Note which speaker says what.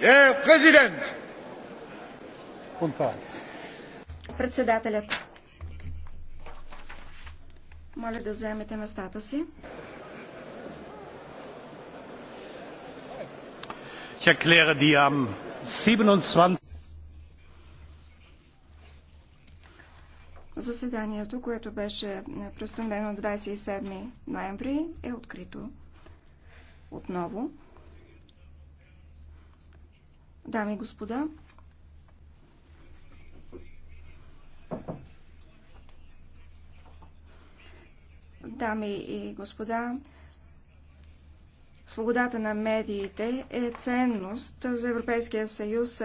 Speaker 1: президент!
Speaker 2: Председателят. Моля да вземете местата си.
Speaker 3: Ich erkläre die am
Speaker 1: 27.
Speaker 2: Заседанието, което беше престановено 27 ноември, е открито отново дами и господа. Дами и господа, свободата на медиите е ценност за Европейския съюз